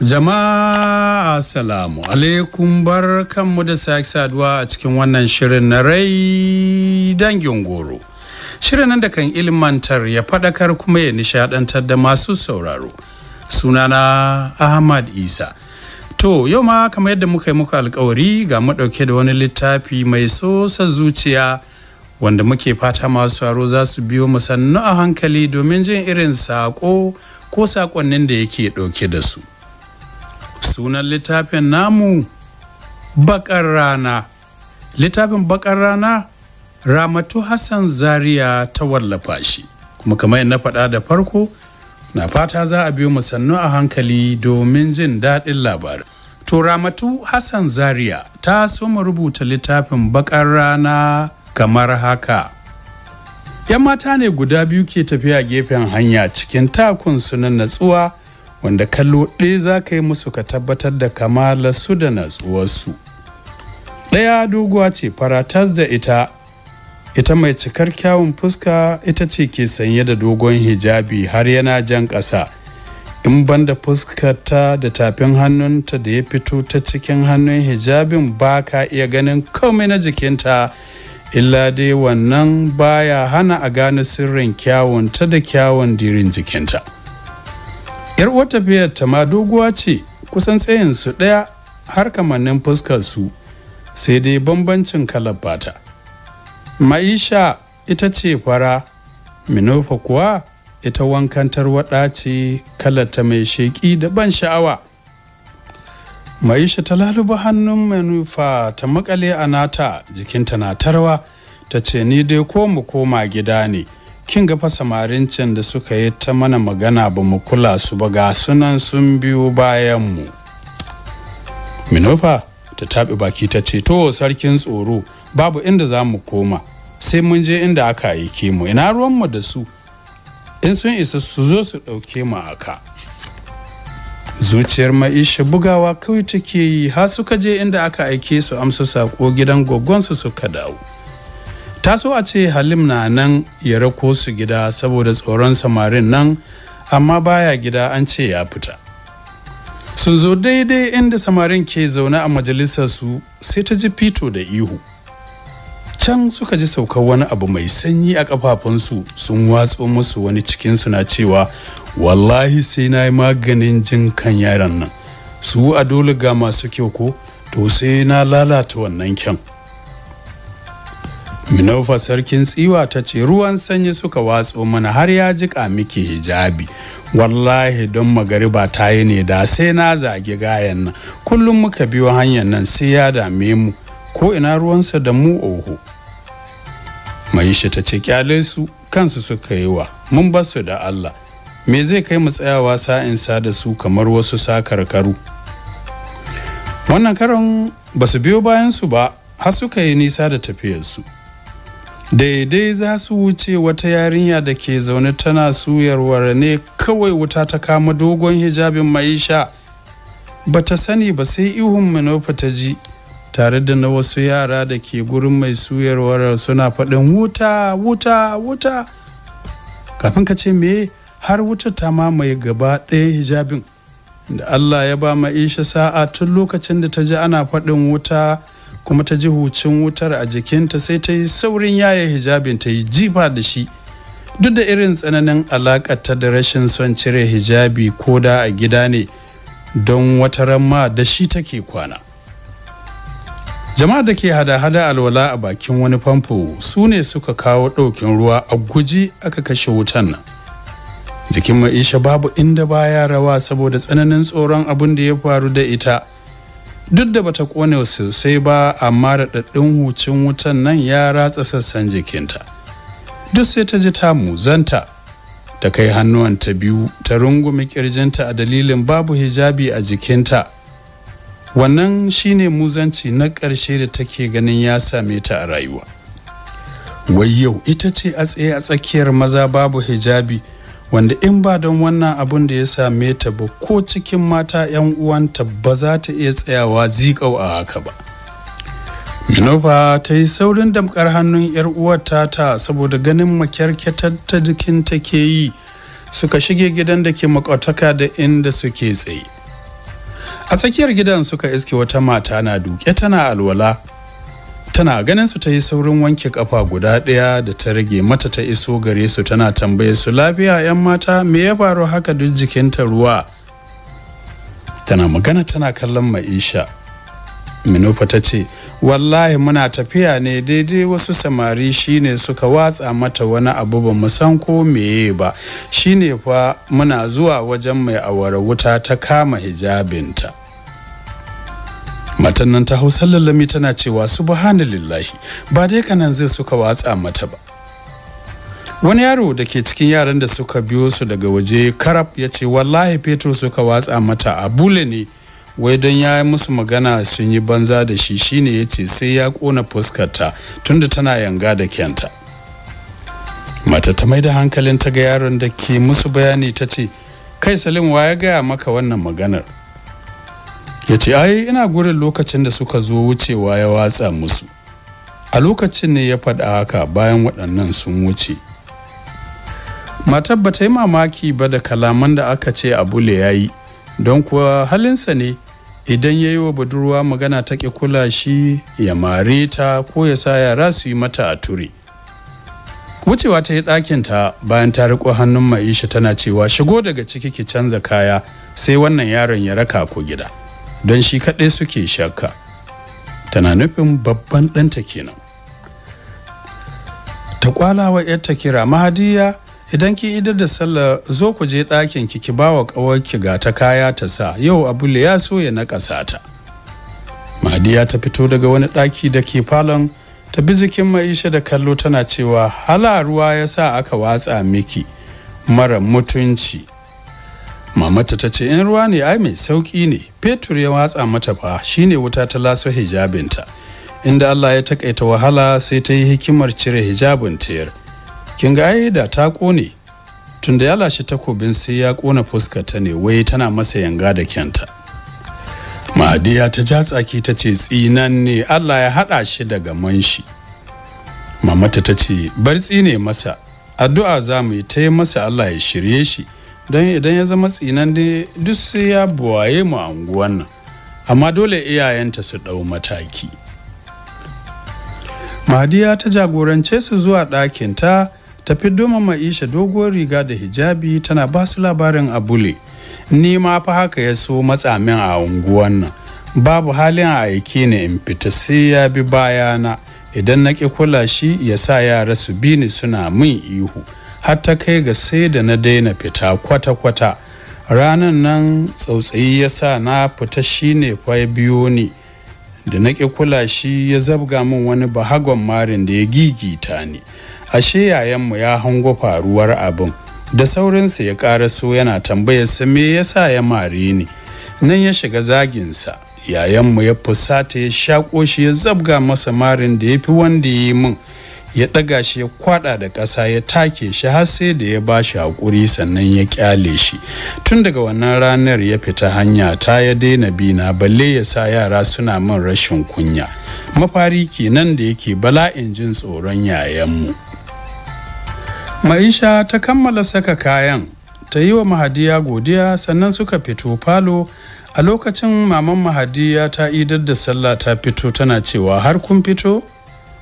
Jama'a Assalamu alaikum bar kanmu da sake saduwa a cikin wannan shirin na rai dangin goro. Shirin nan da kan ilmantar ya faɗakar kuma ya nishadantar da masu sauraro. Sunana Ahmad Isa. To yau ma kamar yadda muka yi muku alkawari ga madauke da wani littafi mai sosa zuciya wanda muke fata masu sauraro za su biyo mu a hankali domin jin irin saƙo ko saƙonnin da yake ɗauke da su. sunan littafin namu bakar rana littafin bakar rana ramatu hassan zaria ta wallafa shi kuma kamar na faɗa da farko na fata za a biyo sannu a hankali domin jin daɗin labar to ramatu hassan zaria ta soma rubuta littafin bakar rana kamar haka yan mata ne guda biyu ke tafiya gefen hanya cikin takun sunan natsuwa wanda kallo ɗaya za ka yi musu ka tabbatar da su da natsuwarsu ɗaya doguwa ce faratas da ita ita mai cikar kyawun fuska ita ce ke sanye da dogon hijabi har yana jan ƙasa in banda fuskarta da tafin hannunta da ya fito ta cikin hannun hijabin ba ka iya ganin komai na jikinta illa dai wannan baya hana a gane sirrin kyawunta da kyawun dirin jikinta. yar wata tafiyar ta ma doguwa ce kusan tsayin su ɗaya har kamannin fuskar su sai dai bambancin kalar fata maisha ita ce fara minofa kuwa ita wankan tarwaɗa ce kalar ta mai sheƙi da ban sha'awa maisha ta laluba hannun manufa ta makale a nata jikinta na tarwa ta ce ni dai ko mu koma gida ne kin ga fa samarin can da suka yi ta mana magana ba mu kula su ba ga sunan sun biyo bayan mu minofa ta taɓi baki ta ce to sarkin tsoro babu inda za mu koma sai mun je inda aka aike mu ina ruwan mu da su in sun isa su zo su ɗauke mu aka zuciyar ma'isha bugawa kawai take yi ha suka je inda aka aike su amsa saƙo gidan gwaggonsu suka dawo ta so a ce halim na nan ya rako su gida saboda tsoron samarin nan amma baya gida an ce ya fita sun zo daidai inda samarin ke zaune a majalisar su sai ta ji fito da ihu can suka ji saukar wani abu mai sanyi a kafafunsu sun watso musu wani cikin suna cewa wallahi sai na yi maganin jin kan yaran nan su a dole ga masu kyau ko to sai na lalata wannan kyan minofa sarkin tsiwa ta ce ruwan sanyi suka watso mana har ya jiƙa miki hijabi wallahi don magariba ta yi ne da sai na zagi gayan nan kullum muka biyo hanyar nan sai ya dame mu ko ina ruwansa da mu oho shi ta ce kyale su kansu suka yi wa mun basu da allah me zai kai mu tsayawa sa da su kamar wasu sakarkaru wannan karon ba su biyo bayan su ba har suka yi nisa da tafiyarsu daidai za su wuce wata yarinya da ke zaune tana suyarwar ne kawai wuta ta kama dogon hijabin maisha ba ta sani ba sai ihun manofa ta ji tare da na wasu yara da ke gurin mai suyarwar suna faɗin wuta wuta wuta kafin ka ce me har wuta ta mamaye gaba ɗayan hijabin da allah ya ba ma'isha sa'a tun lokacin da ta ji ana faɗin wuta kuma ta ji hucin wutar a jikinta sai ta yi saurin yaya hijabin ta yi jifa da shi duk da irin tsananin ta da rashin son cire hijabi ko da a gida ne don wata ramma da shi take kwana jama'a da ke hada-hada alwala a bakin wani famfo su ne suka kawo ɗaukin ruwa a guji aka kashe wutan nan jikin ma'isha babu inda baya rawa saboda tsananin tsoron abin da ya faru da ita duk da bata kone sosai ba amma raɗaɗɗin hucin wutan nan ya ratsa sassan jikinta duk sai ta ji ta muzanta ta kai ta biyu ta rungumi kirjinta a dalilin babu hijabi a jikinta wannan shine muzanci na ƙarshe da take ganin ya same ta a rayuwa wai yau ita ce a tsaye a tsakiyar maza babu hijabi wanda in ba don wannan abun da ya same ta ba ko cikin mata 'yan uwanta ba za ta iya tsayawa zikau a haka ba minofa ta yi saurin damkar hannun 'yar uwarta ta saboda ganin makyarkyatar ta jikin ke yi suka shige gidan da ke makwataka da inda suke tsaye a tsakiyar gidan suka iske wata mata na duke tana alwala tana ganin su ta yi saurin wanke kafa guda ɗaya da ta rage mata ta iso gare su tana tambaye su lafiya 'yan mata me ya faru haka duk jikinta ruwa tana magana tana kallon ma'isha minofa ta ce wallahi muna tafiya ne daidai wasu samari shine suka watsa mata wani abu ba san ko meye ba shine fa muna zuwa wajen mai awara wuta ta kama hijabinta matan nan ta hau sallallami tana cewa subhanallahi ba dai kanan zai suka watsa mata ba wani yaro da ke cikin yaran da suka biyo su daga waje karab ya ce wallahi fetur suka watsa mata a bule ne wai don ya yi musu magana sun yi banza da shi shine ya ce sai ya kona fuskarta tunda tana yanga da kyanta mata ta mai da hankalin ta ga yaron da ke musu bayani ta ce kai salim wa ya gaya maka wannan maganar ya ce ai ina gurin lokacin da suka zo wucewa ya watsa musu a lokacin ne ya faɗa haka bayan waɗannan sun wuce matar bata yi mamaki ba da kalaman da aka ce abule ya yi don kuwa halinsa ne idan ya yi wa budurwa magana ta ƙi kula shi ya mare ta ko ya sa yara su yi mata a ture wucewa ta yi ɗakinta bayan ta riƙo hannun maisha tana cewa shigo daga ciki ki canza kaya sai wannan yaron ya raka ku gida don shi kaɗai suke shakka tana nufin babban ɗanta kenan ta kwala wa yarta kira mahadiya idan ki idar da sallah zo ku je ɗakin ki ki bawa ƙawar ki ga ta kaya ta sa yau abule ya so ya naƙasa ta mahadiya ta fito daga wani ɗaki da ke falon ta bi jikin maisha da kallo tana cewa hala ruwa ya sa aka watsa miki mara mutunci mamata ta ce in ruwa ne ai mai sauki ne fetur ya watsa mata fa shine wuta ta laso hijabinta inda Allah ya takaita wahala sai ta yi hikimar cire hijabin tayar kin ga ai da ta kone tunda ya lashe takobin sai ya kona fuska ta ne wai tana masa yanga da kyanta ma'adiya ta ja tsaki ta ce tsinan ne Allah ya hada shi daga manshi mamata ta ce bar tsine masa addu'a za mu yi ta yi masa Allah ya shirye shi don idan ya zama tsinan duk sai ya buwaye mu a unguwan nan amma dole iyayenta su ɗau mataki mahadiya ta jagorance su zuwa ɗakinta ta fi doma ma'isha doguwar riga da hijabi tana ba su labarin abule ni ma fa haka ya so matsamin a unguwan nan babu halin a aiki ne in fita sai ya bi bayana idan na ƙi kula shi ya sa yara su bi ni suna min ihu har ta kai ga sai da na daina fita kwata-kwata ranan nan tsautsayi ya sa na fita shine ne ya biyo ne da na ƙi kula shi ya zabga min wani bahagon marin da ya gigita ni ashe yayanmu ya hango faruwar abin da saurinsa ya so yana tambayar sa me yasa ya mare ni nan ya shiga zaginsa yayanmu ya fusata ya shaƙo shi ya zabga masa marin da ya fi wanda ya yi min ya ɗaga shi ya kwaɗa da ƙasa ya take shi har sai da ya ba shi haƙuri sannan ya ƙyale shi tun daga wannan ranar ya fita hanya ta ya daina bina balle ya sa yara suna min rashin kunya mafari kenan da yake bala'in jin tsoron yayanmu maisha ta kammala saka kayan ta yi wa mahadiya godiya sannan suka fito falo a lokacin maman mahadiya ta idar da sallah ta fito tana cewa har kun fito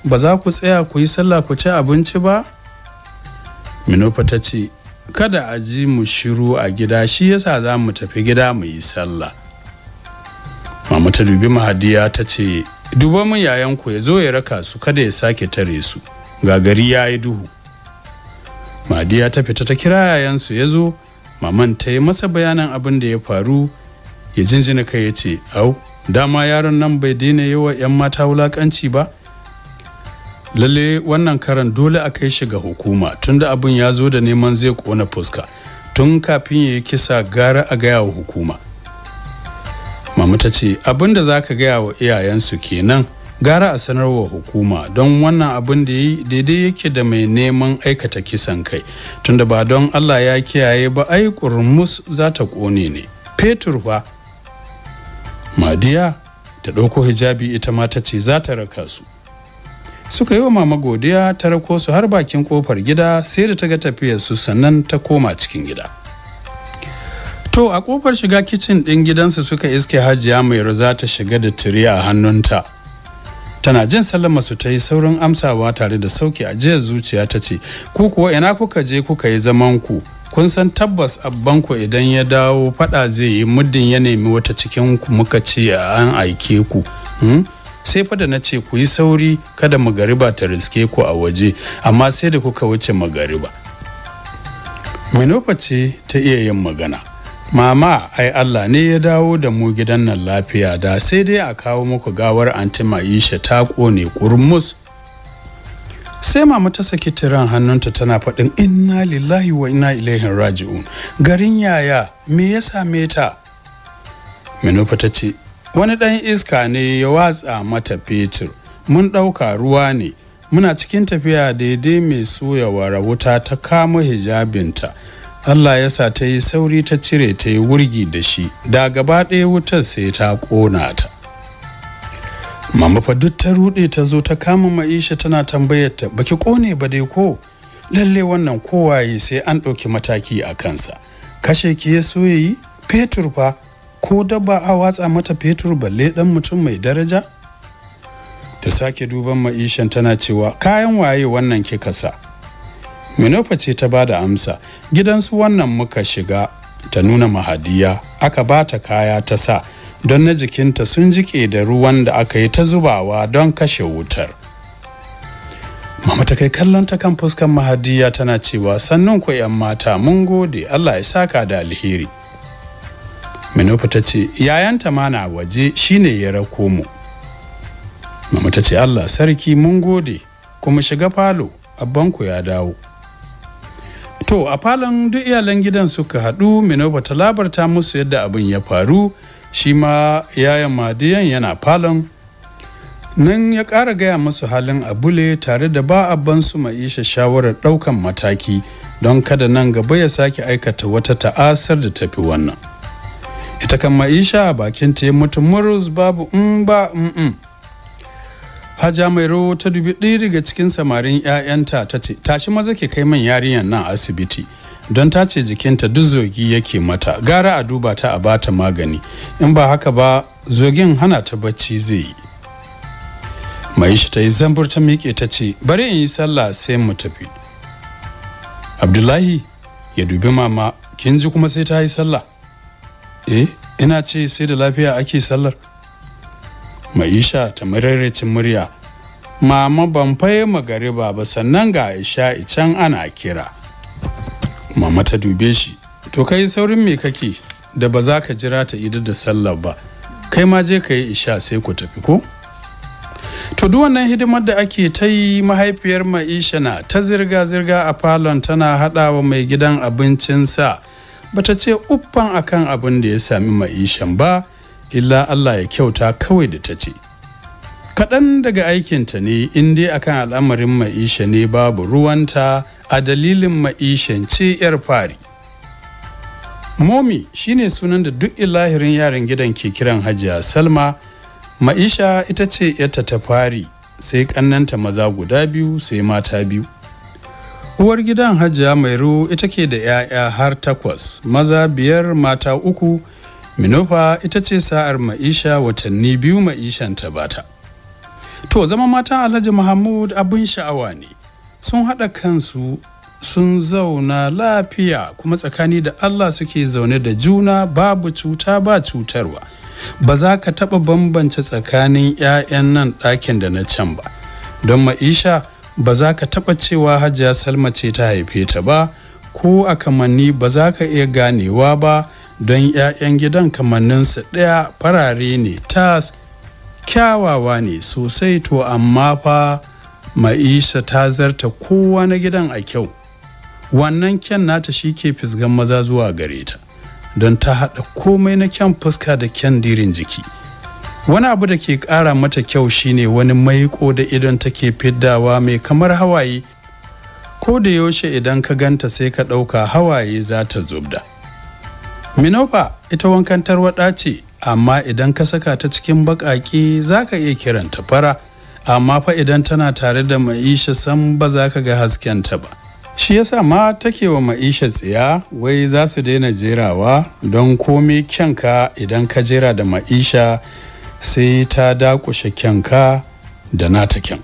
ba za ku tsaya ku yi sallah ku ci abinci ba minofa ta ce kada a ji mu shiru a gida shi yasa za mu tafi gida mu yi sallah mama ta dubi mahadiya ta ce duba mu ku ya zo ya raka su kada ya sake tare su ga gari ya yi duhu mahadiya ta fita ta kira yayansu ya zo maman ta yi masa bayanan abin da ya faru ya jinjina kai ya ce au dama yaron nan bai daina yawa 'yan mata wulakanci ba lalle wannan karan dole a kai shi ga hukuma tunda abin ya zo da neman zai kona fuska tun kafin ya yi kisa gara a gaya wa hukuma mamu ta ce abin da za ka gaya wa iyayensu kenan gara a sanarwa hukuma don wannan abin da yi daidai yake da mai neman aikata kisan kai tunda ba don allah ya kiyaye ba ai kurmus za ta kone ne fetur ba. madiya ta ɗauko hijabi ita ma ta ce za ta raka su suka yi wa mama godiya ta rako su har bakin kofar gida sai da ta ga tafiyar su sannan ta koma cikin gida to a kofar shiga kicin ɗin gidansu suka iske hajiya mai za ta shiga da tiri a hannunta tana jin sallama su ta yi saurin amsawa tare da sauki a ajiyar zuciya ta ce ku kuwa ina kuka je kuka yi zaman ku kun san tabbas abbanku idan ya dawo fada zai yi muddin ya nemi wata cikin ku muka ce an aike ku hmm? sai fa da na ce ku yi sauri kada magariba ta riske ku a waje amma sai da kuka wuce magariba minofa ce ta iya yin magana mama ai allah ne ya dawo da mu gidan nan lafiya da sai dai a kawo muku gawar anti maisha ta kone kurmus sai mama ta saki tiran hannunta tana faɗin inna lillahi wa inna ilaihin raji'un garin yaya me ya same ta Minofa ta ce wani ɗan iska ne ya watsa mata fetur mun ɗauka ruwa ne muna cikin tafiya daidai mai soyawar wuta ta kama hijabinta allah ya sa ta yi sauri ta cire ta yi wurgi da shi da gaba ɗaya wutar sai ta ƙona ta mama fa duk ta ruɗe ta zo ta kama ma'isha tana tambayar ta baki ƙone ba dai ko lalle wannan kowaye sai an ɗauki mataki a kansa kashe ki ya so fetur fa ko dabba a watsa mata fetur balle dan mutum mai daraja ta sake duban ma'ishan tana cewa kayan waye wannan kika sa minofa ce ta ba da amsa su wannan muka shiga ta nuna mahadiya aka ba ta kaya ta sa don na jikinta sun jike da ruwan da aka yi ta zubawa don kashe wutar mama ta kai kallon ta kan fuskan mahadiya tana cewa sannan ku 'yan mata mun gode allah ya saka da alheri minofa ta ce yayanta ma na waje shine ya rako mu mama ta ce allah sarki mun gode kuma shiga falo abbanku ya dawo to a falon duk iyalan gidan suka haɗu minofa ta labarta musu yadda abin ya faru shi ma yayan madiyan yana falon nan ya ƙara gaya musu halin abule tare da ba abban su ma'isha shawarar ɗaukan mataki don kada nan gaba ya sake aikata wata ta'asar da tafi wannan ita kan ma'isha bakin ta mutum murus babu in ba in Haja rawo ta dubi ɗaya daga cikin samarin 'ya'yanta ta ce, tashi maza ke kai man yarinyar nan asibiti. Don ta ce jikinta duk zogi yake mata, gara a duba ta a bata magani, in ba haka ba zogin hana ta bacci zai yi. Maisha ta yi zambur ta miƙe ta ce, bari in yi sallah sai mu tafi. Abdullahi ya dubi mama, kin ji kuma sai ta yi sallah. eh ina ce sai da lafiya ake sallar maisha ta mararecin murya mama ban faye magariba ba sannan ga aisha can ana kira mama ta dube shi to kai saurin me kake da ba za ka jira ta idar da sallar ba kai ma je ka yi isha sai ku tafi ko to duk wannan hidimar da ake ta yi mahaifiyar maisha na ta zirga-zirga a falon tana haɗawa mai gidan abincinsa bata ce uffan akan abin da ya sami ma'ishan ba illa Allah ya kyauta kawai da ta ce kaɗan daga aikinta ne in dai akan al'amarin ma'isha ne babu ruwanta a dalilin ma'ishan ce 'yar fari momi shine sunan da duk ilahirin yaran gidan ke kiran hajiya salma ma'isha ita ce 'yarta ta fari sai ƙannanta maza guda biyu sai mata biyu uwar gidan hajiya mairu ita ke da 'ya'ya har takwas maza biyar mata uku minofa ita ce sa'ar ma'isha watanni biyu ma'ishan ta bata to zama matan alhaji muhammad abin sha'awa ne sun haɗa kansu sun zauna lafiya kuma tsakani da allah suke zaune da juna babu cuta ba cutarwa ba za ka taɓa bambance tsakanin 'ya'yan nan ɗakin da na can ba don ma'isha ba za ka taɓa cewa hajiya salma ce ta haife ta ba ko a kamanni ba za ka iya ganewa ba don 'ya'yan gidan kamanninsa ɗaya farare ne ta kyawawa ne sosai to amma fa ma'isha ta zarta kowa na gidan a kyau wannan kyan nata shi ke fisgan maza zuwa gare ta don ta haɗa komai na kyan fuska da kyan dirin jiki wani abu da ke ƙara mata kyau shine wani maiko da idon take fiddawa mai kamar hawaye ko da yaushe idan ka ganta sai ka ɗauka hawaye za ta zubda minofa ita wankan tarwaɗa ce amma idan ka saka ta cikin baƙaƙe za ka iya kiranta fara amma fa idan tana tare da ma'isha san ba za ka ga haskenta ba shi yasa ma take wa ma'isha tsiya wai za su daina jerawa don komai kyanka idan ka jera da ma'isha sai ta dakushe kyanka da nata kyan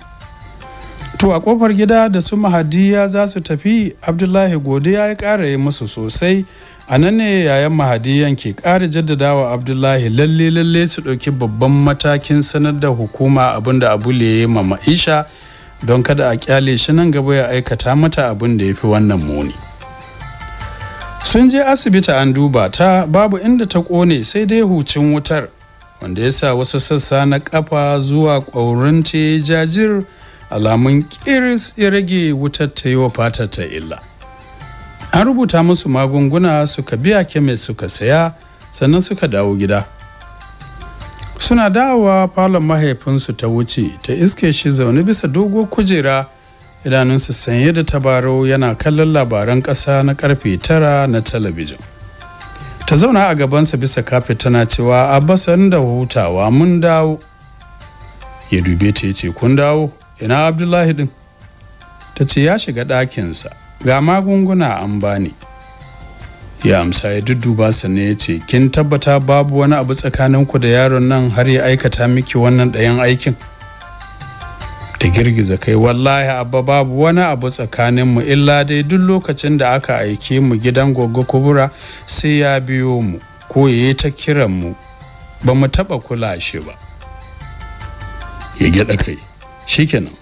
to a kofar gida da su mahadiya za su tafi abdullahi godiya ya ƙara yi musu sosai a nan ne yayan mahadiyan ke ƙara jaddadawa abdullahi lalle lalle su ɗauki babban matakin sanar da hukuma abinda abu ya ma ma'isha don kada a kyale shi nan gaba ya aikata mata abin da ya fi wannan muni sun je asibiti an duba ta babu inda ta ƙone sai dai hucin wutar wanda ya sa wasu sassa na kafa zuwa yi jajir alamun kiris ya rage wutar ta yi wa fatar ta illa an rubuta musu magunguna suka biya kemis suka saya sannan suka dawo gida suna dawowa falon mahaifinsu ta wuce ta iske shi zaune bisa dogo kujera idanunsu sanye da tabarau yana kallon labaran ƙasa na karfe tara na talabijin ta zauna a gabansa bisa kafin tana cewa abbasan da hutawa mun dawo ya dube ta ya ce kun dawo ina abdullahi din ta ce ya shiga ɗakinsa ga magunguna an bani ya amsa ya dudduba sannan ya ce kin tabbata babu wani abu tsakaninku da yaron nan har ya aikata miki wannan ɗayan aikin da girgiza kai wallahi abba babu wani abu tsakaninmu illa dai duk lokacin da aka aike mu gidan gogo kubura sai ya biyo mu ko ya yi ta kiran mu ba mu taɓa kula shi ba ya gyaɗa kai shikenan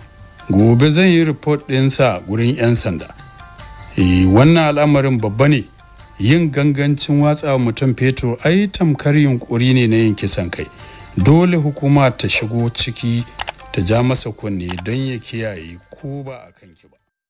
gobe zan yi report sa gurin 'yan sanda eh, wannan al'amarin babba ne yin gangancin watsa mutum fetur ai tamkar yunkuri ne na yin kisan kai dole hukuma ta shigo ciki ta ja masa kunne don ya kiyaye ko ba a